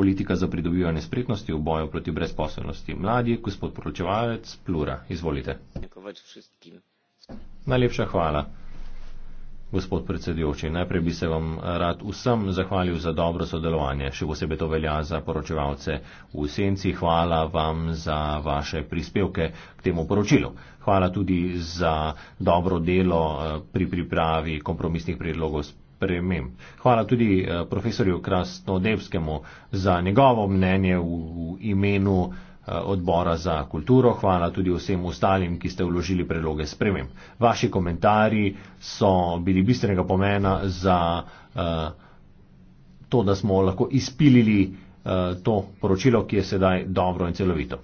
politika za pridobivanje spretnosti v boju proti brezposelnosti. Mladi, gospod poročevalec, plura, izvolite. Najlepša hvala, gospod predsedujoči. Najprej bi se vam rad vsem zahvalil za dobro sodelovanje, še posebej to velja za poročevalce v Senci. Hvala vam za vaše prispevke k temu poročilu. Hvala tudi za dobro delo eh, pri pripravi kompromisnih predlogov s sprememb. Hvala tudi eh, profesorju Krasnodevskemu za njegovo mnenje v, v imenu eh, odbora za kulturo. Hvala tudi vsem ostalim, ki ste vložili predloge spremem. Vaši komentarji so bili bistvenega pomena za uh, to, da smo lahko izpilili uh, to poročilo, ki je sedaj dobro in celovito.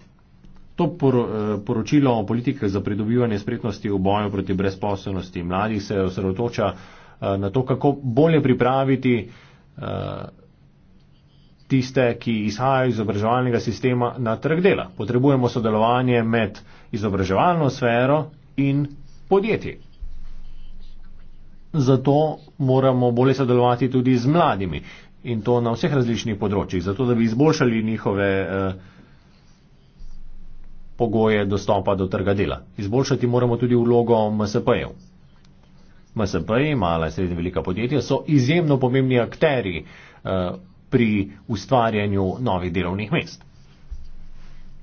To por, uh, poročilo o politike za pridobivanje spretnosti v boju proti brezposobnosti mladih se osredotoča Eh, na to, kako bolje pripraviti eh, tiste, ki izhajajo iz obraževalnega sistema na trg dela. Potrebujemo sodelovanje med izobraževalno sfero in podjetji. Zato moramo bolje sodelovati tudi z mladimi in to na vseh različnih področjih, zato da bi izboljšali njihove eh, pogoje dostopa do trga dela. Izboljšati moramo tudi vlogo MSP-jev. MSP, mala in srednja velika podjetja, so izjemno pomembni akteri uh, eh, pri ustvarjanju novih delovnih mest.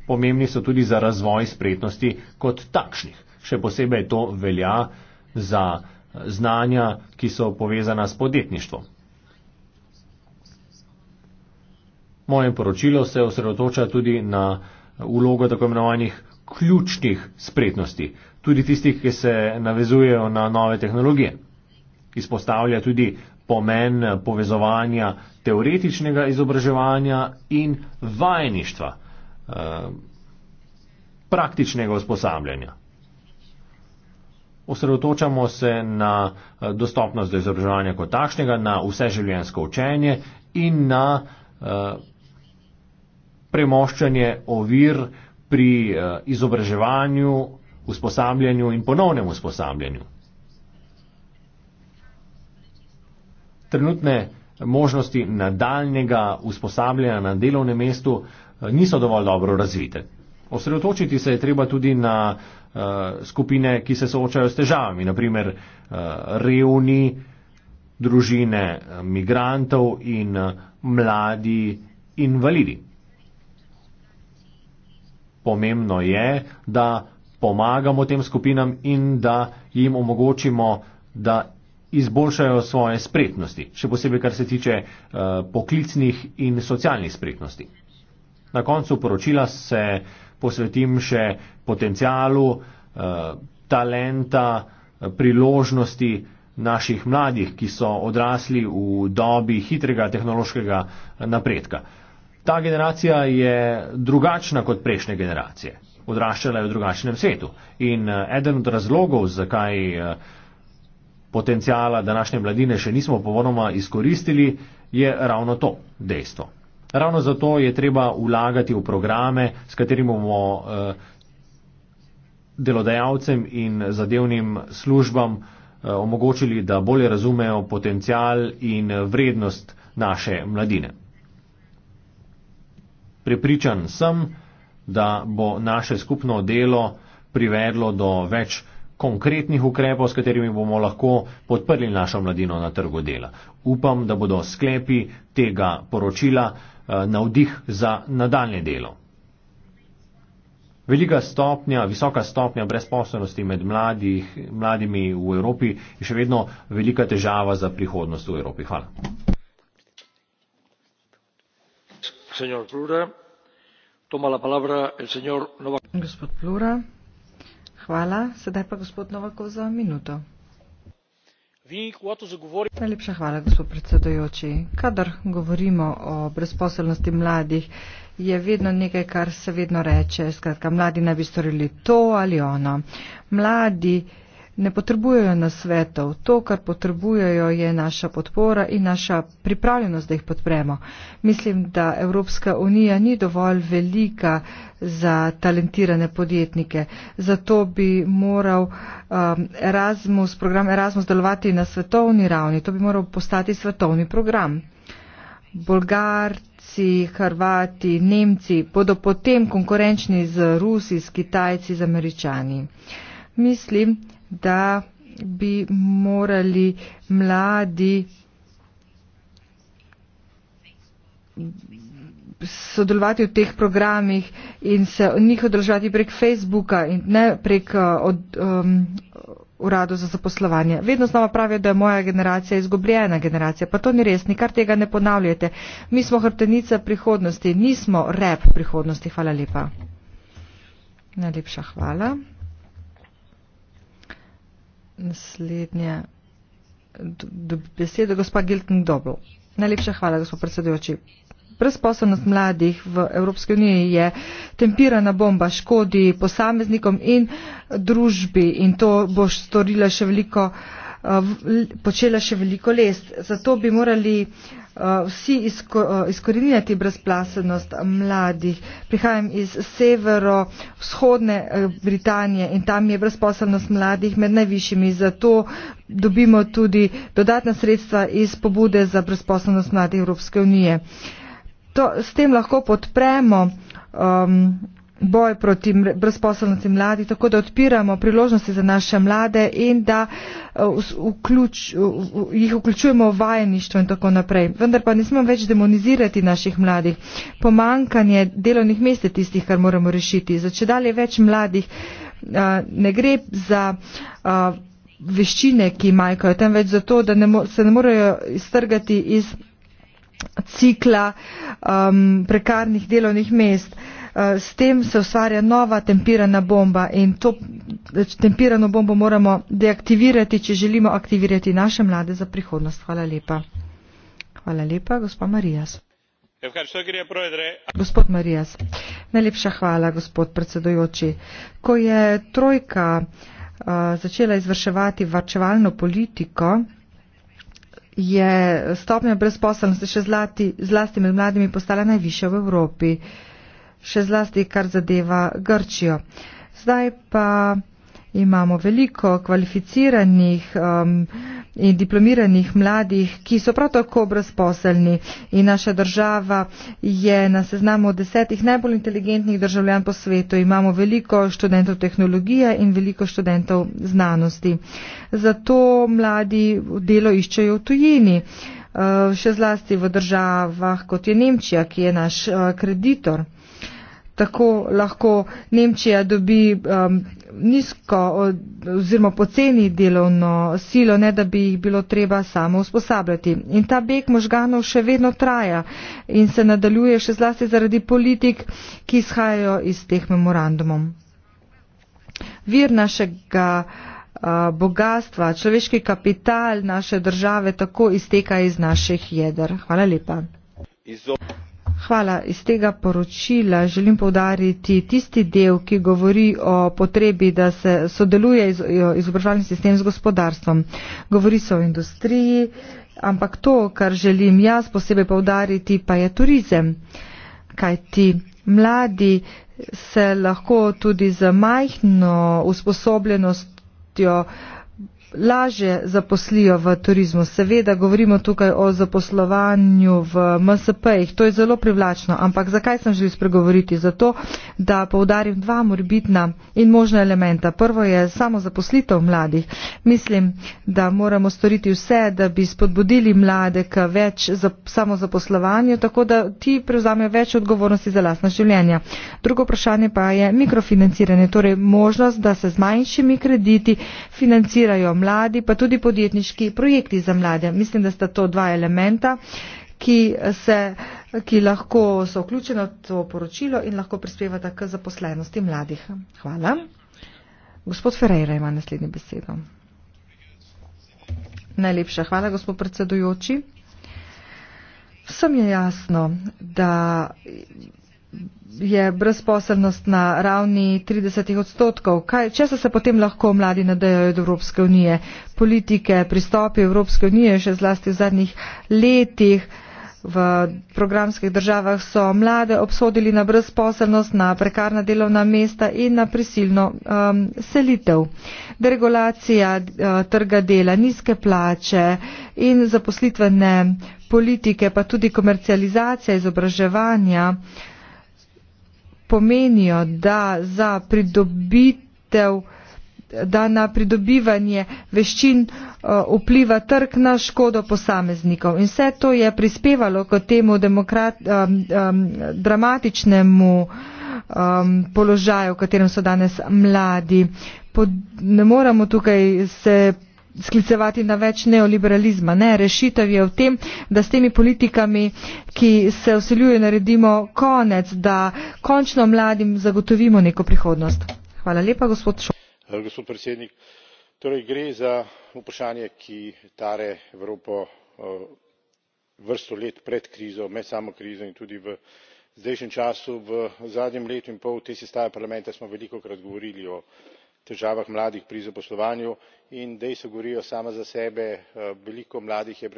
Pomembni so tudi za razvoj spretnosti kot takšnih. Še posebej to velja za eh, znanja, ki so povezana s podjetništvom. Moje poročilo se osredotoča tudi na eh, vlogo tako imenovanih ključnih spretnosti tudi tistih, ki se navezujejo na nove tehnologije. Izpostavlja tudi pomen povezovanja teoretičnega izobraževanja in vajništva, eh, praktičnega usposabljanja. Osredotočamo se na eh, dostopnost do izobraževanja kot takšnega, na vseživljenjsko učenje in na eh, premoščanje ovir pri izobraževanju usposabljanju in ponovnem usposabljanju. Trenutne možnosti nadaljnega usposabljanja na delovnem mestu eh, niso dovolj dobro razvite. Osredotočiti se je treba tudi na uh, skupine, ki se soočajo s težavami, naprimer uh, eh, revni, družine migrantov in uh, mladi invalidi. Pomembno je, da pomagamo tem skupinam in da jim omogočimo, da izboljšajo svoje spretnosti, še posebej kar se tiče eh, poklicnih in socialnih spretnosti. Na koncu poročila se posvetim še potencialu, eh, talenta, priložnosti naših mladih, ki so odrasli v dobi hitrega tehnološkega eh, napredka. Ta generacija je drugačna kot prejšnje generacije odraščala je v drugačnem svetu. In eh, eden od razlogov, zakaj eh, potencijala današnje mladine še nismo povoroma izkoristili, je ravno to dejstvo. Ravno zato je treba vlagati v programe, s katerimi bomo eh, delodajalcem in zadevnim službam omogočili, da bolje razumejo potencijal in vrednost naše mladine. Prepričan sem, da bo naše skupno delo privedlo do več konkretnih ukrepov, s katerimi bomo lahko podprli našo mladino na trgu dela. Upam, da bodo sklepi tega poročila eh, navdih za nadaljne delo. Velika stopnja, visoka stopnja brezposobnosti med mladih, mladimi v Evropi je še vedno velika težava za prihodnost v Evropi. Hvala gospod Plura. Hvala. Sedaj pa gospod Novakov za minuto. Najlepša hvala, gospod predsedojoči. Kadar govorimo o brezposelnosti mladih, je vedno nekaj, kar se vedno reče. Skratka, mladi naj bi storili to ali ono. Mladi ne potrebujejo nasvetov. To, kar potrebujejo, je naša podpora in naša pripravljenost, da jih podpremo. Mislim, da Evropska unija ni dovolj velika za talentirane podjetnike. Zato bi moral um, Erasmus, program Erasmus delovati na svetovni ravni. To bi moral postati svetovni program. Bolgarci, Hrvati, Nemci bodo potem konkurenčni z Rusi, z Kitajci, z Američani. Mislim, da bi morali mladi sodelovati v teh programih in se njih odražati prek Facebooka in ne prek uh, od, um, uradu za zaposlovanje. Vedno znova pravijo, da je moja generacija izgubljena generacija, pa to ni res, nikar tega ne ponavljate. Mi smo hrtenica prihodnosti, nismo rep prihodnosti. Hvala lepa. Najlepša hvala naslednje besede, gospa Gilton Dobl. Najlepša hvala, gospod predsedujoči. Brezposobnost mladih v Evropske unije je tempirana bomba, škodi posameznikom in družbi in to bo storila še veliko uh, počela še veliko lest. Zato bi morali eh, vsi izko, eh, izkoriniti brezplasenost mladih. Prihajam iz severo-vzhodne eh, Britanije in tam je brezposelnost mladih med najvišjimi. Zato dobimo tudi dodatna sredstva iz pobude za brezposelnost mladih Evropske unije. To, s tem lahko podpremo. Um, boj proti brezposobnosti mladih, tako da odpiramo priložnosti za naše mlade in da eh, vključ, jih vključujemo v vajeništvo in tako naprej. Vendar pa ne smemo več demonizirati naših mladih. Pomankanje delovnih mest je tistih, kar moramo rešiti. Zače dalje več mladih eh, ne gre za eh, veščine, ki imajo, temveč za to, da ne se ne morejo strgati iz cikla um, prekarnih delovnih mest. Uh, Eh, s tem se ustvarja nova tempirana bomba in to tempirano bombo moramo deaktivirati, če želimo aktivirati naše mlade za prihodnost. Hvala lepa. Hvala lepa, gospa Marijas. Gospod Marijas, najlepša hvala, gospod predsedojoči. Ko je trojka uh, začela izvrševati varčevalno politiko, je stopnja brezposelnosti še zlati, zlasti med mladimi postala najvišja v Evropi. Uh, še zlasti kar zadeva Grčijo. Zdaj pa imamo veliko kvalificiranih um, in diplomiranih mladih, ki so prav tako brezposelni in naša država je na seznamu desetih najbolj inteligentnih državljan po svetu. Imamo veliko študentov tehnologije in veliko študentov znanosti. Zato mladi delo iščejo v tujini, uh, še zlasti v državah kot je Nemčija, ki je naš uh, kreditor tako lahko Nemčija dobi um, nizko oziroma poceni delovno silo, ne da bi jih bilo treba samo usposabljati. In ta beg možganov še vedno traja in se nadaljuje še zlasti zaradi politik, ki izhajajo iz teh memorandumov. Vir našega uh, bogatstva, človeški kapital naše države tako izteka iz naših jeder. Hvala lepa. Izob. Hvala. Iz tega poročila želim povdariti tisti del, ki govori o potrebi, da se sodeluje izobraževalni sistem z gospodarstvom. Govori se o industriji, ampak to, kar želim jaz posebej povdariti, pa je turizem. Kaj ti mladi se lahko tudi z majhno usposobljenostjo uh, lažje zaposlijo v turizmu. Seveda govorimo tukaj o zaposlovanju v MSP-jih, to je zelo privlačno, ampak zakaj sem želel spregovoriti? Zato, da povdarim dva morbitna in možna elementa. Prvo je samo zaposlitev mladih. Mislim, da moramo storiti vse, da bi spodbudili mlade k več za, samo zaposlovanju, tako da ti prevzamejo več odgovornosti za lasna življenja. Drugo vprašanje pa je mikrofinanciranje, torej možnost, da se z manjšimi krediti financirajo mladi mladi, pa tudi podjetniški projekti za mlade. Mislim, da sta to dva elementa, ki, se, ki lahko so vključena v to poročilo in lahko prispevata k zaposlenosti mladih. Hvala. Gospod Ferreira ima naslednji besedo. Najlepša hvala, gospod predsedujoči. Vsem je jasno, da je brezposelnost na ravni 30 odstotkov. Kaj, če se potem lahko mladi nadejajo od Evropske unije? Politike, pristopi Evropske unije, še zlasti v zadnjih letih v programskih državah so mlade obsodili na brezposelnost, na prekarna delovna mesta in na prisilno um, selitev. Deregulacija uh, trga dela, nizke plače in zaposlitvene politike, pa tudi komercializacija izobraževanja uh, pomenijo, da za pridobitev da na pridobivanje veščin eh, vpliva trg na škodo posameznikov. In vse to je prispevalo k temu demokrat, um, um, dramatičnemu um, položaju, v katerem so danes mladi. Pod, ne moramo tukaj se sklicevati na več neoliberalizma. Ne, rešitev je v tem, da s temi politikami, ki se vseljuje, naredimo konec, da končno mladim zagotovimo neko prihodnost. Hvala lepa, gospod Šo. Gospod predsednik, torej gre za vprašanje, ki tare Evropo vrsto let pred krizo, med samo krizo in tudi v zdajšnjem času, v zadnjem letu in pol te sestave parlamenta smo veliko krat govorili o težavah mladih pri zaposlovanju in dejstva govorijo sama za sebe eh, veliko mladih je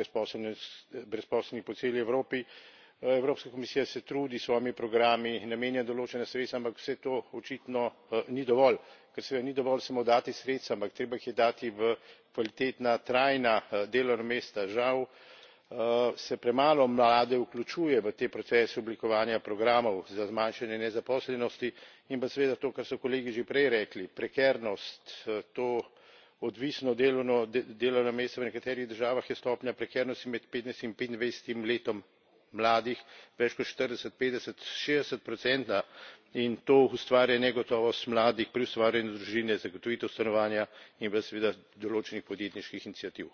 brezposelnih po celi evropi eh, evropska komisija se trudi s svojimi programi namenja določena sredstva ampak vse to očitno eh, ni dovolj ker seveda ni dovolj samo dati sredstva ampak treba jih je dati v kvalitetna trajna delovna mesta žal Eh, se premalo mlade vključuje v te procese oblikovanja programov za zmanjšanje nezaposlenosti in pa seveda to kar so kolegi že prej rekli prekernost eh, to odvisno delovno mesto v nekaterih državah je stopnja prekernosti med petnajst in petindvajset letom mladih več kot štirideset petdeset šestdeset procenta in to ustvarja negotovost mladih pri ustvarjanju družine zagotovitev stanovanja in pa seveda določenih podjetniških iniciativ.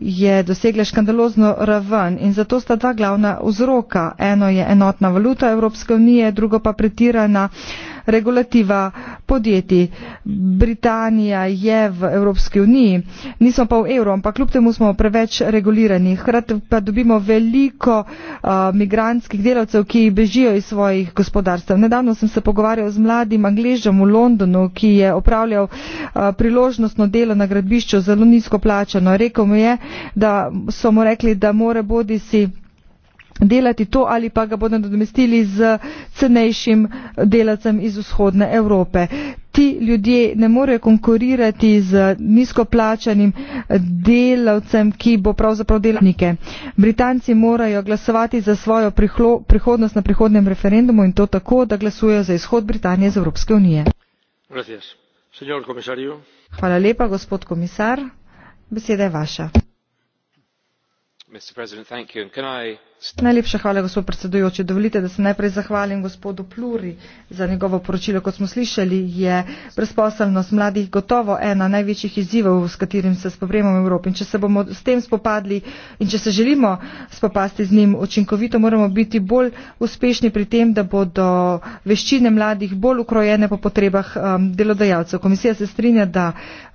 je dosegla škandalozno raven in zato sta dva glavna vzroka. Eno je enotna valuta Evropske unije, drugo pa pretirana regulativa podjetij. Britanija je v Evropski uniji, nismo pa v evro, ampak kljub temu smo preveč regulirani. Hrati pa dobimo veliko uh, migranskih delavcev, ki bežijo iz svojih gospodarstv. Nedavno sem se pogovarjal z mladim angližem v Londonu, ki je opravljal uh, priložnostno delo na gradbišču zelo nizko plačano. Rekl mi je, da so mu rekli, da more bodi si delati to ali pa ga bodo nadomestili z cenejšim delavcem iz vzhodne Evrope. Ti ljudje ne morejo konkurirati z nizkoplačanim delavcem, ki bo pravzaprav delavnike. Britanci morajo glasovati za svojo prihodnost na prihodnem referendumu in to tako, da glasujejo za izhod Britanije iz Evropske unije. Hvala lepa, gospod komisar. Beseda je vaša mr president can i Najlepša hvala, gospod predsedujoči. Dovolite, da se najprej zahvalim gospodu Pluri za njegovo poročilo. Kot smo slišali, je brezposelnost mladih gotovo ena največjih izzivov, s katerim se spopremo v Evropi. In če se bomo s tem spopadli in če se želimo spopasti z njim učinkovito, moramo biti bolj uspešni pri tem, da bodo veščine mladih bolj ukrojene po potrebah um, delodajalcev. Komisija se strinja, da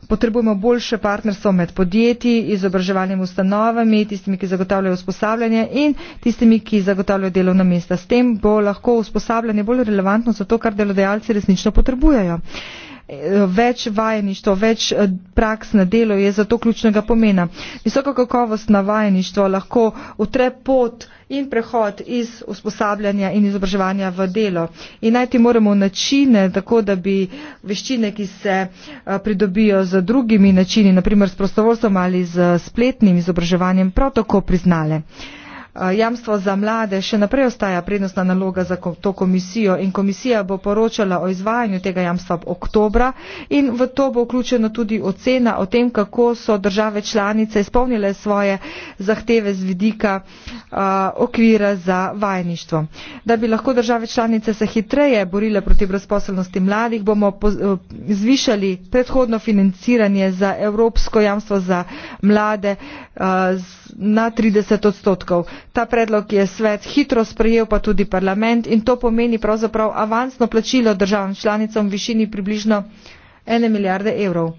potrebujemo boljše partnerstvo med podjetji, izobraževalnimi ustanovami, tistimi, ki zagotavljajo usposabljanje in tistimi, ki zagotavljajo delovna mesta. S tem bo lahko usposabljanje bolj relevantno za to, kar delodajalci resnično potrebujejo. E, več vajeništvo, več e, praks na delo je zato ključnega pomena. Visoka kakovost na vajeništvo lahko utre pot in prehod iz usposabljanja in izobraževanja v delo. In najti moramo načine, tako da bi veščine, ki se e, pridobijo z drugimi načini, naprimer s prostovoljstvom ali z spletnim izobraževanjem, prav tako priznale. Uh, Eh, jamstvo za mlade še naprej ostaja prednostna naloga za to komisijo in komisija bo poročala o izvajanju tega jamstva ob oktobra in v to bo vključena tudi ocena o tem, kako so države članice izpolnile svoje zahteve z vidika eh, okvira za vajeništvo. Da bi lahko države članice se hitreje borile proti brezposobnosti mladih, bomo eh, zvišali predhodno financiranje za Evropsko jamstvo za mlade na 30 odstotkov ta predlog je svet hitro sprejel pa tudi parlament in to pomeni pravzaprav avansno plačilo državam članicam v višini približno ene milijarde evrov.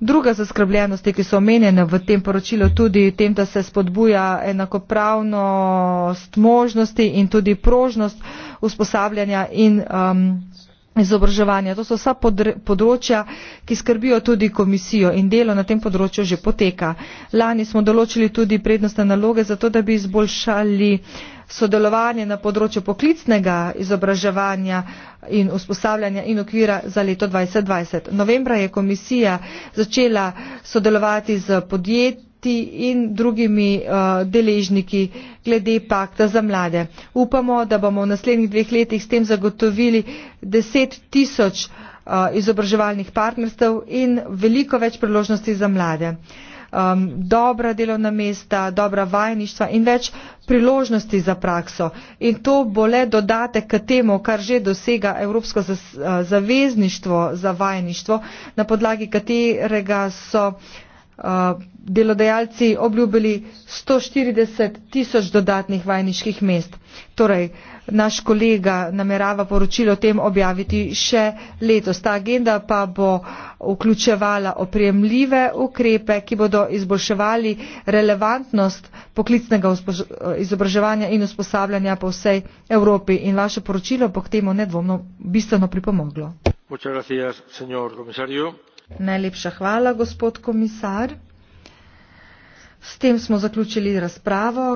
druga zaskrbljenost je ki so omenjene v tem poročilu tudi tem da se spodbuja enakopravnost možnosti in tudi prožnost usposabljanja in um, izobraževanja. To so vsa področja, ki skrbijo tudi komisijo in delo na tem področju že poteka. Lani smo določili tudi prednostne naloge zato, da bi izboljšali sodelovanje na področju poklicnega izobraževanja in usposabljanja in okvira za leto 2020. Novembra je komisija začela sodelovati z podjetji, ti in drugimi uh, deležniki glede pakta za mlade. Upamo, da bomo v naslednjih dveh letih s tem zagotovili deset tisoč uh, izobraževalnih partnerstv in veliko več priložnosti za mlade. Um, dobra delovna mesta, dobra vajništva in več priložnosti za prakso. In to bo le dodatek k temu, kar že dosega Evropsko eh, zavezništvo za vajništvo, na podlagi katerega so uh, Eh, delodajalci obljubili 140 tisoč dodatnih vajniških mest. Torej, naš kolega namerava poročilo o tem objaviti še letos. Ta agenda pa bo vključevala opremljive ukrepe, ki bodo izboljševali relevantnost poklicnega izobraževanja in usposabljanja po vsej Evropi. In vaše poročilo bo k temu nedvomno bistveno pripomoglo. Muchas gracias, señor comisario. Najlepša hvala, gospod komisar. S tem smo zaključili razpravo.